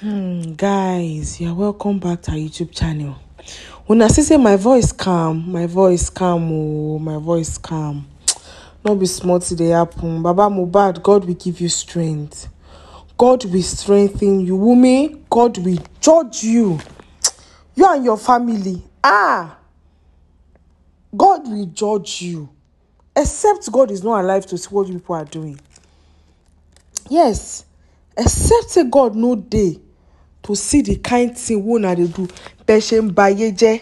Hmm, guys, you're welcome back to our YouTube channel. When I say, say my voice calm, my voice calm, oh, my voice calm. not be smart today happen. Baba Mubad, God will give you strength. God will strengthen you. Wumi, God will judge you. You and your family. Ah! God will judge you. Except God is not alive to see what you people are doing. Yes. Except say God no day to see the kind thing wey una dey do bẹ́ẹ̀ ṣe ń ba ayé jẹ́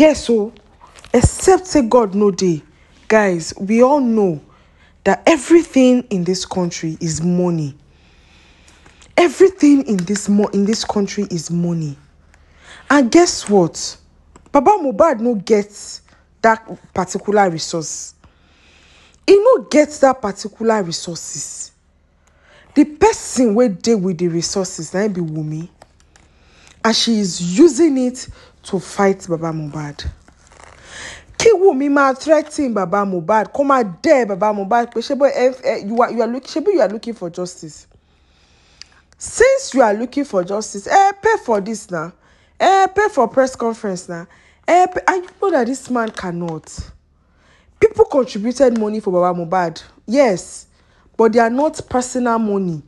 yes o except say God no dey guys we all know that everything in this country is money everything in this mo in this country is money and guess what Baba Mohbad no get that particular resource e no get that particular resources the person wey dey with the resources na be Wumi, and she is using it to fight baba mohbad kí Wumi máa threaten baba mohbad kó máa dẹ́ baba mohbad pé ṣé bó eh, eh, you are you are looking ṣé you are looking for justice since you are looking for justice eh pay for this na eh pay for press conference na eh pay and you know that this man cannot people contributed money for baba mohbad yes but they are not personal money.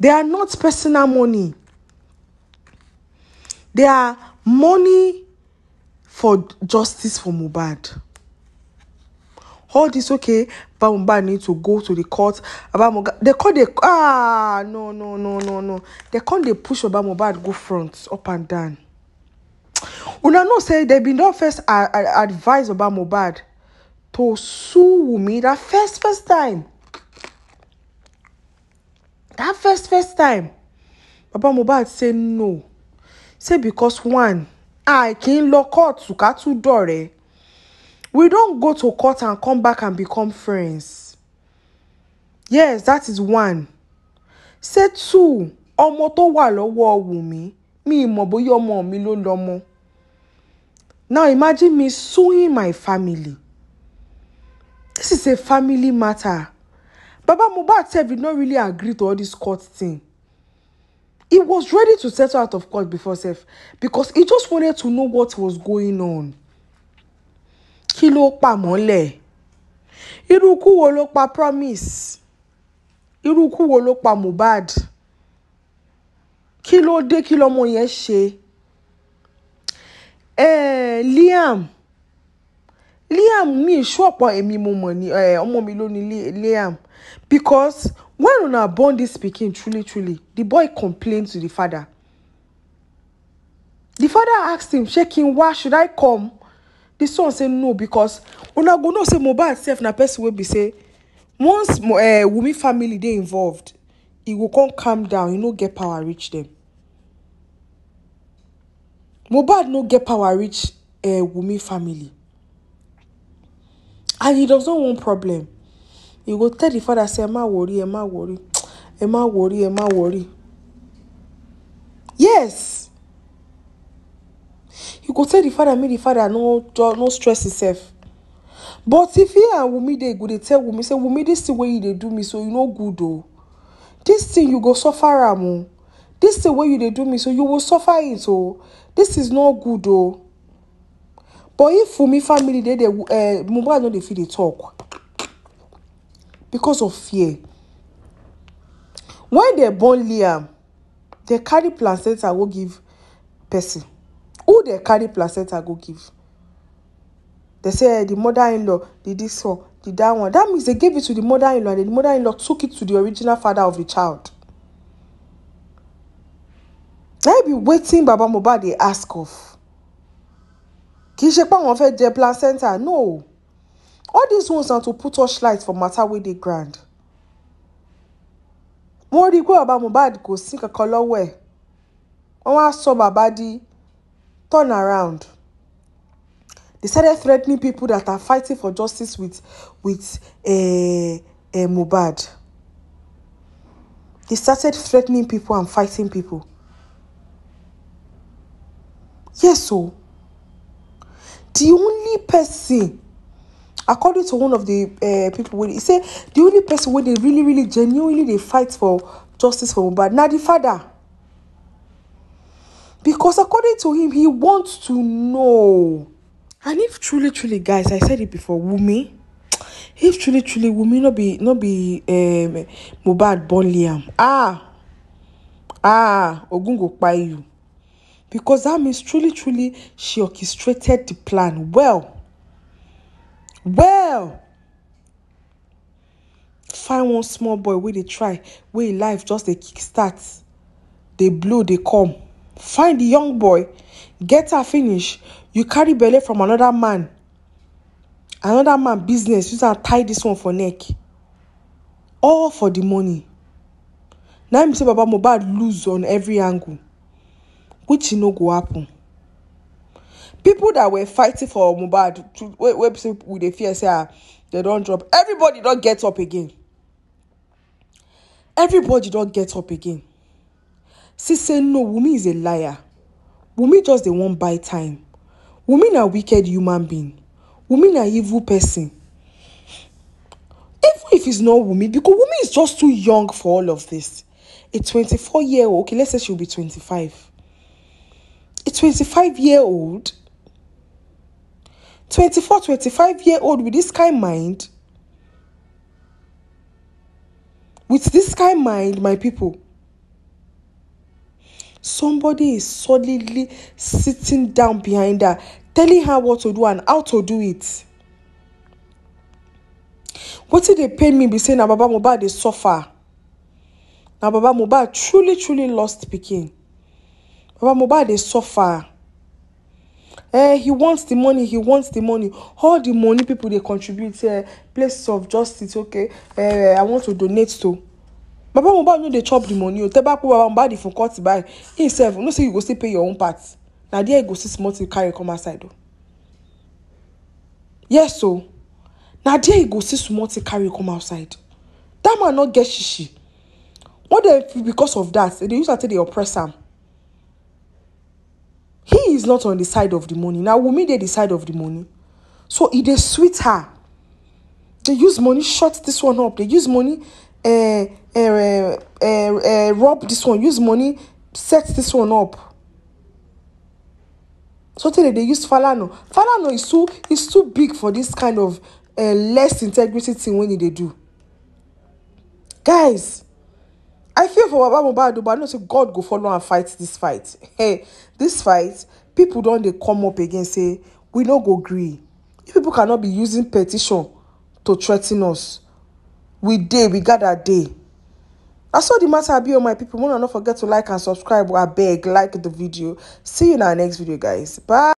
They are not personal money. They are money for justice for Mubad. All this okay, But Mubad need to go to the court. about Mubad. they call the ah no no no no no. They call they push about Mubad go front up and down. Una no say they been don first uh, advise about Mubad to sue Wumi that first first time that first first time Baba Mohbad say no say because one I kì í lọ kóòtù ká tún dọ̀rẹ́ we don't go to court and come back and become friends yes that is one say two ọmọ tó wà lọ́wọ́ Wùmí mi ìmọ̀ bóyá ọmọ mi ló lọ́mọ now imagine me suing my family This is a family matter baba Mubad said. bin not really agree to all this court thing he was ready to settle out of court before sef because he just wanted to know what was going on kí ló pa mọ́lẹ̀ irú pa promise iruku ikú wo ló pa mohbad kí ló dé kí lọmọ yẹn ṣe eh, liam Liam mi ìṣú ọ̀pọ̀ èmi mo mọ̀ ní eh, ọmọ mi ló Liam because when una born this pikin truly truly the boy complain to the father the father ask him ṣé kí n wá should I come the son say no because una go know say Mohbad sef na person wey be say once uh, eh, wumi family dey involved e go come calm down e no get power reach them. Mohbad no get power reach uh, eh, wumi family and he does not want problem he go tell the father say ẹ worry ẹ worry ẹ worry ẹ worry yes he go tell the father make the father no no stress himself but if he and wunmi dey go dey tell wunmi say wunmi this thing wey you dey do me so you no good oo this thing you go suffer am oo this thing wey you dey do me so you go suffer it oo this is no good oo but if for me family they they uh, eh, Mohbad no dey fit dey talk because of fear When they born Liam they carry placenta go give person who they carry placenta go give They say eh, the mother-in-law did this one did that one that means they gave it to the mother-in-law and the mother-in-law took it to the original father of the child na be waiting, baba mohbad dey ask of kì í ṣe pé àwọn fẹ́ẹ́ jẹ placenta no all these ones na to put light for matter wey dey ground wọ́n rí i pé bàbá Mohbad kò sí kankan lọ́wọ́ ẹ̀ wọ́n wá sọ bàbá di turn around they started threatening people that are fighting for justice with with uh, uh, Mohbad they started threatening people and fighting people yes o so, the only person according to one of the uh, people wey e say the only person wey dey really really genuinely dey fight for justice for mohbad na the father because according to him he wants to know and if truly truly guys i said it before Wumi. if truly truly Wumi no be no be um, mohbad born liam ah ah ogun go kpai you because that means truly, truly, she orchestrated the plan well. Well, find one small boy wey dey try, wey life just a kickstart, They blow, They come. Find the young boy, get her finish. You carry belly from another man, another man business, You am tie this one for neck. All for the money. Now im be say Baba Mohbad lose on every angle which e no go happen pipo that were fighting for mohbad wey we dey fear say ah dem don drop everybody don get up again everybody don get up again see say no wunmi is a liar wunmi just dey wan buy time wunmi na wicked human being wunmi na evil person even if it's not wunmi because wunmi is just too young for all of this a twenty four year old okay let's say she'll be twenty-five." a 25 year old 24 25 year old with this kind of mind with this kind of mind my people somebody is solidly sitting down behind her telling her what to do and how to do it What did they pay me be say na baba mohbad dey suffer Now, baba mohbad truly truly lost speaking Baba Mohbad dey suffer. Eh, he wants the money, he wants the money. All the money people they contribute, eh, places of justice, okay, eh, I want to donate to. Baba Mohbad no they chop the money o. Tell back Baba Mohbad for court by. Himself, no say you go still pay your own part. Now there you go see small thing carry come outside o. Oh. Yes so. Oh. Now there you go see small thing carry come outside. That man not get shishi. What dey because of that? They use am take dey oppress am is not on the side of the money na wunmi dey the side of the money so it e is sweet her they use money shut this one up They use money uh, uh, uh, uh, rob this one use money set this one up So today they use Falano. Falano is too is too big for this kind of uh, less integrity thing wey e dey do guys i feel for baba mohbad but i know say god go follow and fight this fight hey this fight People don't. They come up again say we no go agree. if people cannot be using petition to threaten us we day we got that day. That's all the matter be on oh my people. Do not forget to like and subscribe I beg like the video see you in our next video guys bye